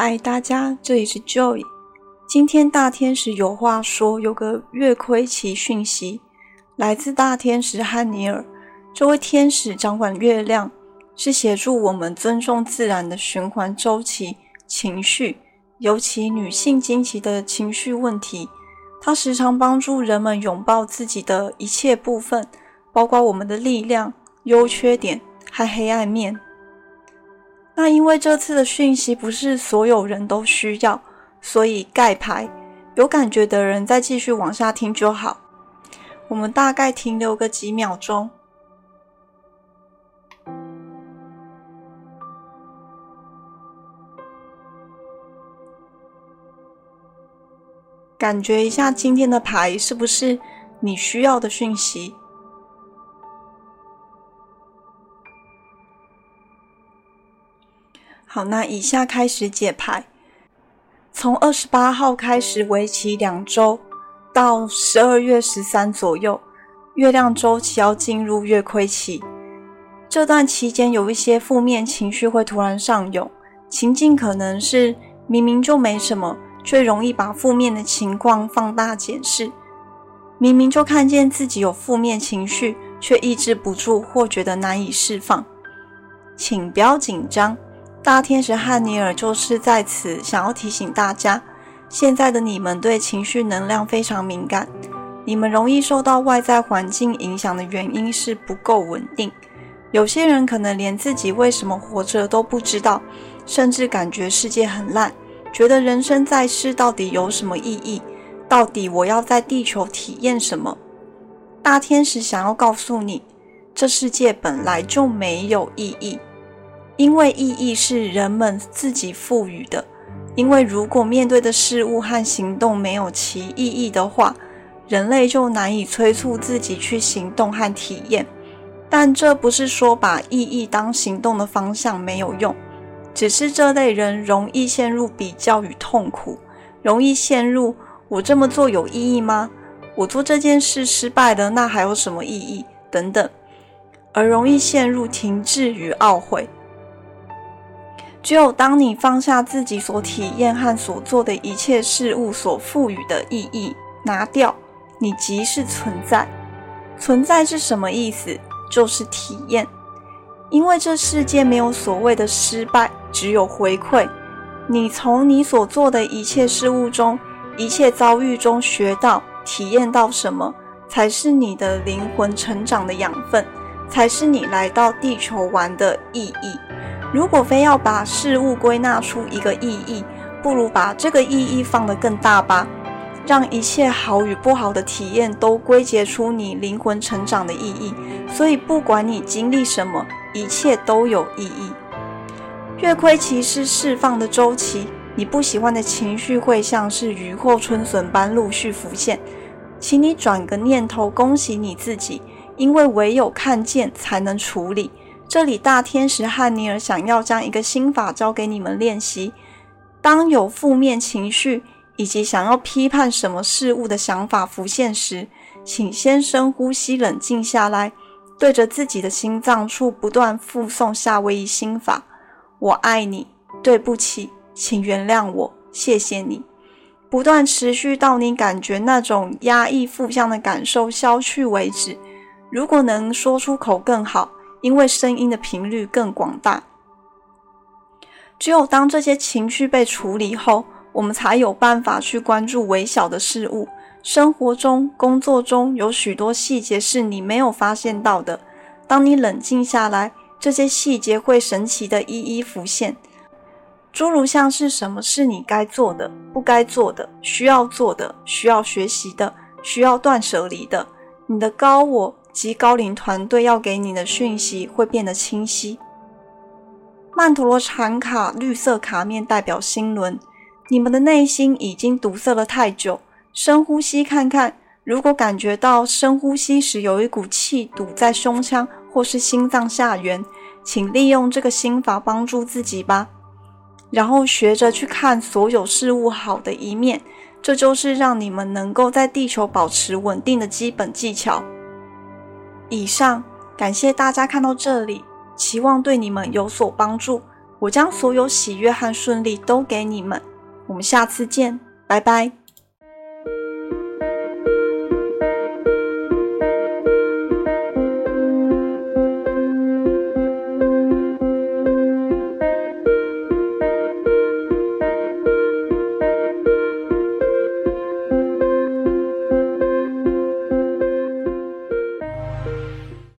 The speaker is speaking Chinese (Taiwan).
嗨，大家，這裡是 Joy。今天大天使有話說，有個月虧期訊息，來自大天使漢尼爾。這位天使掌管月亮，是協助我們尊重自然的循環周期、情緒，尤其女性經期的情緒問題。它時常幫助人們擁抱自己的一切部分，包括我們的力量、優缺點、和黑暗面。那因為這次的訊息不是所有人都需要，所以蓋牌。有感覺的人再繼續往下聽就好。我們大概停留個幾秒鐘，感覺一下今天的牌是不是你需要的訊息。好，那以下開始解牌。從二十八號開始，為期兩週，到十二月十三左右，月亮週期要進入月虧期。這段期間有一些負面情緒會突然上湧，情境可能是明明就沒什麼，卻容易把負面的情況放大解釋；明明就看見自己有負面情緒，卻抑制不住或覺得難以釋放。請不要緊張。大天使漢尼爾就是在此想要提醒大家，現在的你們對情緒能量非常敏感，你們容易受到外在環境影響的原因是不夠穩定。有些人可能連自己為什麼活着都不知道，甚至感覺世界很爛，覺得人生在世到底有什麼意義？到底我要在地球體驗什麼？大天使想要告訴你，這世界本來就沒有意義。因為意義是人們自己賦予的，因為如果面對的事物和行動沒有其意義的話，人類就難以催促自己去行動和體驗。但這不是說把意義當行動的方向沒有用，只是這類人容易陷入比較與痛苦，容易陷入“我這麼做有意義嗎？我做這件事失敗了，那還有什麼意義？”等等，而容易陷入停滯與懊悔。只有當你放下自己所體驗和所做的一切事物所賦予的意義，拿掉你即是存在。存在是什麼意思？就是體驗。因為這世界沒有所謂的失敗，只有回饋。你從你所做的一切事物中、一切遭遇中學到、體驗到什麼，才是你的靈魂成長的養分，才是你來到地球玩的意義。如果非要把事物歸納出一個意義，不如把這個意義放得更大吧，讓一切好與不好的體驗都歸結出你靈魂成長的意義。所以，不管你經歷什麼，一切都有意義。月虧期是釋放的週期，你不喜歡的情緒會像是雨後春筍般陸續浮現，請你轉個念頭，恭喜你自己，因為唯有看見才能處理。這裡大天使漢尼爾想要將一個心法交給你們練習。當有負面情緒以及想要批判什麼事物的想法浮現時，請先深呼吸，冷靜下來，對着自己的心臟處不斷複誦夏威夷心法：我愛你，對不起，請原諒我，謝謝你。不斷持續到你感覺那種壓抑負向的感受消去為止。如果能說出口更好。因為聲音的頻率更廣大，只有當這些情緒被處理後，我們才有辦法去關注微小的事物。生活中、工作中有許多細節是你沒有發現到的。當你冷靜下來，這些細節會神奇的一一浮現。諸如像是什麼是你該做的、不該做的、需要做的、需要學習的、需要斷捨離的，你的高我。及高齡團隊要給你的訊息會變得清晰。曼陀羅禪卡綠色卡面代表心輪，你們的內心已經堵塞了太久。深呼吸，看看，如果感覺到深呼吸時有一股氣堵在胸腔或是心臟下緣，請利用這個心法幫助自己吧。然後學着去看所有事物好的一面，這就是讓你們能夠在地球保持穩定的基本技巧。以上，感謝大家看到這裡，期望對你們有所幫助。我將所有喜悅和順利都給你們。我們下次見，拜拜。